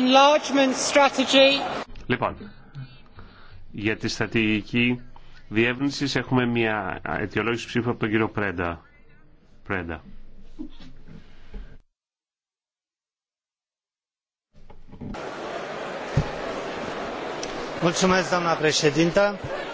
enlargement strategy. Λοιπόν, για τη στρατηγική διεύνηση έχουμε μια αιτιολόγηση ψήφου από τον κύριο Πρέντα. Πρέντα. Mulțumesc, doamna președintă.